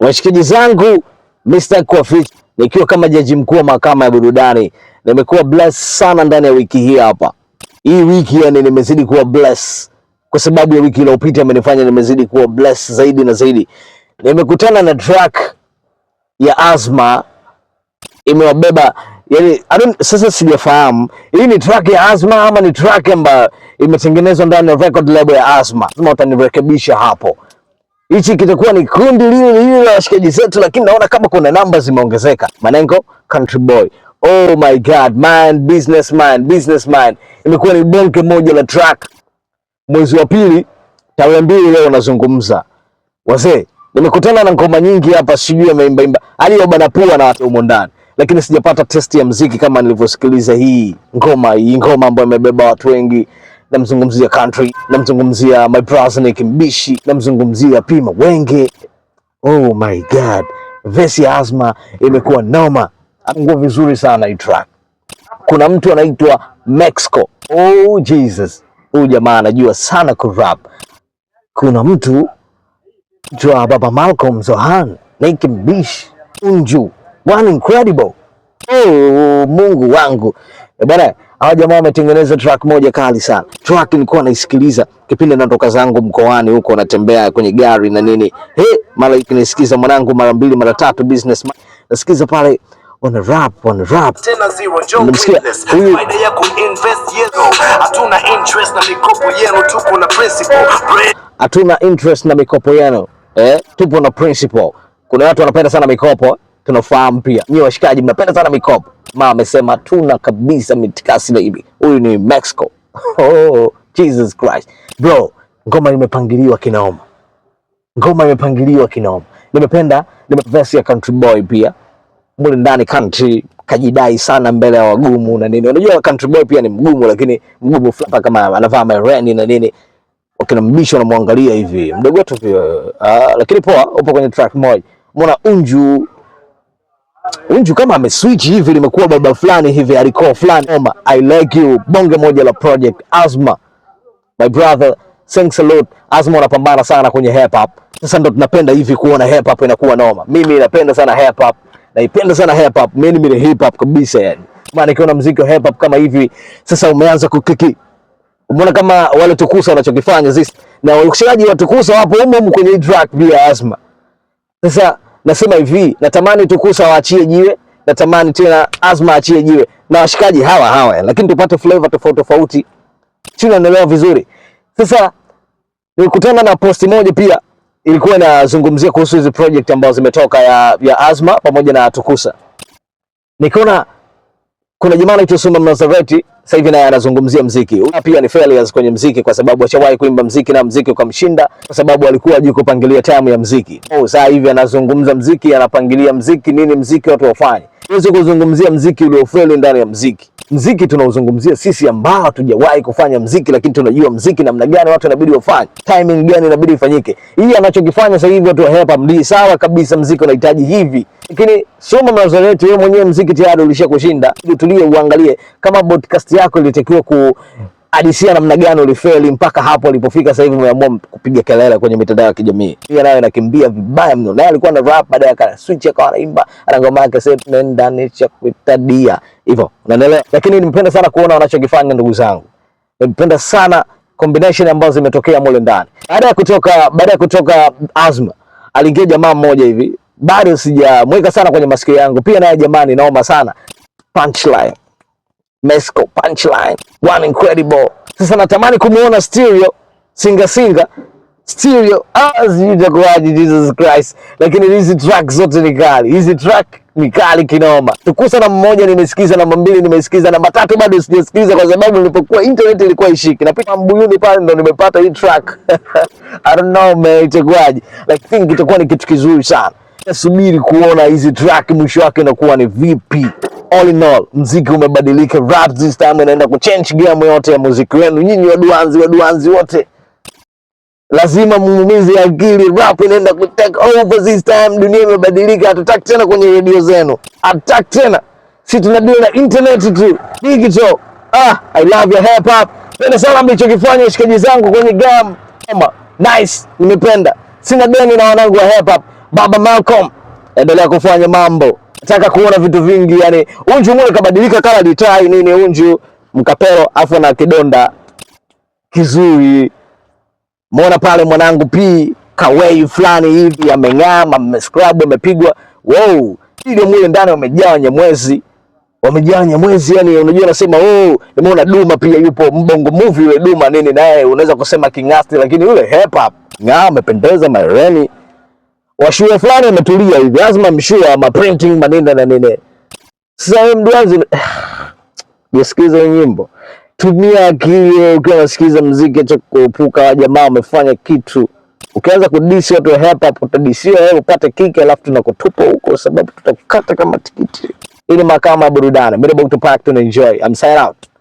Washikaji zangu, Mr. Kofi nikiwa kama jaji mkuu wa mahakama ya burudani, nimekuwa blessed sana ndani ya wiki hii hapa. Hii wiki yani nimezidi kuwa blessed kwa sababu ya wiki iliyopita imenifanya nimezidi kuwa blessed zaidi na zaidi. Nimekutana na track ya Azma imewabeba yani, I don't, sasa sijafahamu hii ni track ya Azma ama ni track ambayo imetengenezwa ndani ya record label ya Azma. Azma utanirekebisha hapo hichi kitakuwa ni kundi lile lile la washikaji zetu, lakini naona kama kuna namba zimeongezeka. Manengo country boy, oh my god man, business man, business man, imekuwa ni bonge moja la track. Mwezi wa pili tarehe mbili, leo nazungumza wazee, nimekutana na ngoma nyingi hapa, sijui ameimba imba hali ya bwana pua na watu humo ndani, lakini sijapata test ya mziki kama nilivyosikiliza hii ngoma, hii ngoma ambayo imebeba watu wengi namzungumzia Country, namzungumzia my brother Nick Mbishi, namzungumzia Pima Wenge. Oh my god, vesi ya Azma imekuwa noma, amekuwa vizuri sana hii track. Kuna mtu anaitwa Mexico. Oh Jesus, huyu jamaa anajua sana rap. Kuna mtu jua baba Malcolm Zohan, Nick Mbishi, Unju, one incredible Oh, Mungu wangu eh, bwana, hawa jamaa wametengeneza track moja kali sana. Track nilikuwa naisikiliza kipindi natoka zangu mkoani huko, natembea kwenye gari na nini, hey, mara ikinisikiza mwanangu mara mbili mara tatu, business ma nasikiza pale Wana rap, wana rap. Tena ziwa John Fitness. Faida ya kuinvest yenu. Hatuna interest na mikopo yenu, tupo na principle. Hatuna interest na mikopo yenu. Eh, tupo na principle. Kuna watu wanapenda sana mikopo tunafahamu pia nyie washikaji mnapenda sana mikopo. Mama amesema tuna kabisa mitikasi baby, huyu ni Mexico. Oh, Jesus Christ bro, ngoma imepangiliwa kinaoma, ngoma imepangiliwa kinaoma. Nimependa nimevesi ya country boy pia mule ndani country kajidai sana mbele ya wagumu na nini. Unajua country boy pia ni mgumu, lakini mgumu flapa kama anavaa mareni na nini, wakina mbisho wanamwangalia hivi mdogo wetu pia. Uh, lakini poa, upo kwenye track moja, muona unju Unju kama ameswitch hivi, limekuwa baba fulani hivi, alikuwa fulani. oma, I like you, bonge moja la project Azma, my brother, thanks a lot. Azma unapambana sana kwenye hip hop. Sasa ndo tunapenda hivi kuona hip hop inakuwa noma. Mimi napenda sana hip hop, naipenda sana hip hop, mimi ni mimi hip hop kabisa yani. Maana ikiona muziki wa hip hop kama hivi sasa umeanza kukiki Umeona kama wale tukusa wanachokifanya sisi na wakushaji watukusa wapo humo humo kwenye track bila Azma sasa nasema hivi, natamani Tukusa waachie jiwe, natamani tena Azma achie jiwe na washikaji hawa hawa, lakini tupate flavor tofauti tofauti, sio naelewa vizuri. Sasa nilikutana na post moja pia ilikuwa inazungumzia kuhusu hizi project ambazo zimetoka ya, ya Azma pamoja na Tukusa, nikaona kuna jamaa anaitwa Suma Mnazareti, sasa hivi naye anazungumzia mziki. Huyu pia ni failures kwenye mziki kwa sababu ashawahi kuimba mziki na mziki ukamshinda kwa sababu alikuwa hajui kupangilia time ya mziki. Oh, sasa hivi anazungumza mziki, anapangilia mziki, nini mziki watu wafanye. Huwezi kuzungumzia mziki uliofeli ndani ya mziki mziki tunaozungumzia sisi ambao hatujawahi kufanya mziki, lakini tunajua mziki namna gani watu inabidi wafanye, timing gani inabidi ifanyike. Hii anachokifanya sasa hivi watu wa hip hop ndio sawa kabisa, mziki unahitaji hivi. Lakini soma mawazo yetu, wewe mwenyewe mziki tayari ulishakushinda. Tulie uangalie kama podcast yako ilitakiwa ku hadisia namna gani ulifeli mpaka hapo alipofika. Sasa hivi umeamua kupiga kelele kwenye mitandao ya kijamii, pia nayo inakimbia vibaya mno. Naye alikuwa na rap, baadaye aka switch akawa anaimba ana ngoma yake sasa nenda nicha kutadia hivyo, unaelewa. Lakini nimependa sana kuona wanachokifanya ndugu zangu, nimependa sana combination ambazo zimetokea mule ndani. Baada ya kutoka baada ya kutoka Azma aliingia jamaa mmoja hivi, bado sijamweka sana kwenye masikio yangu, pia naye jamani, naomba sana punchline Mesco punchline one incredible. Sasa natamani kumuona Stereo singa singa Stereo as you the God Jesus Christ! Lakini hizi track zote ni kali, hizi track ni kali kinoma. Tukusa na mmoja nimesikiza, namba mbili nimesikiza, namba tatu bado sijasikiza kwa sababu nilipokuwa internet ilikuwa ishiki, na pia mbuyuni pale ndo nimepata hii track I don't know man, itakuwaje? Like think itakuwa ni kitu kizuri sana. Nasubiri kuona hizi track mwisho wake inakuwa ni vipi all in all, mziki umebadilika, rap this time inaenda kuchange game yote ya muziki wenu nyinyi waduanzi, waduanzi wote lazima muumizi akili. Rap inaenda ku take over this time, dunia imebadilika. Hatutaki tena kwenye redio zenu, hatutaki tena, si tunadeal na internet tu, digital. Ah, I love your hip hop. Pende sana mlichokifanya washikaji zangu kwenye game. Nice, nimependa. Sina deni na wanangu wa hip hop. Baba Malcolm, endelea kufanya mambo taka kuona vitu vingi yani, unju mwe kabadilika kala ditai nini, unju mkapero afu na kidonda kizuri. Muona pale mwanangu pi kawei fulani hivi ameng'ama, mmescrub, amepigwa wow, ile mule ndani wamejaa wenye mwezi wamejaa Nyamwezi, yani unajua, nasema oh, nimeona Duma pia yupo mbongo movie yule Duma nini, naye unaweza kusema kingasti, lakini yule hip hop ng'aa, amependeza mareni washua fulani ametulia hivi, lazima mshua ma printing maneno na nini. Sasa hiyo mduazi, jisikiza nyimbo, tumia akili ukiwa unasikiza muziki, acha kuupuka, jamaa wamefanya kitu. Ukianza kudisi watu wa hip hop utadisiwa wewe, upate kiki, alafu tunakutupa huko, sababu tutakukata kama tikiti. Ili makama ya burudani, mimi Dr. Pac, tuna enjoy. I'm signing out.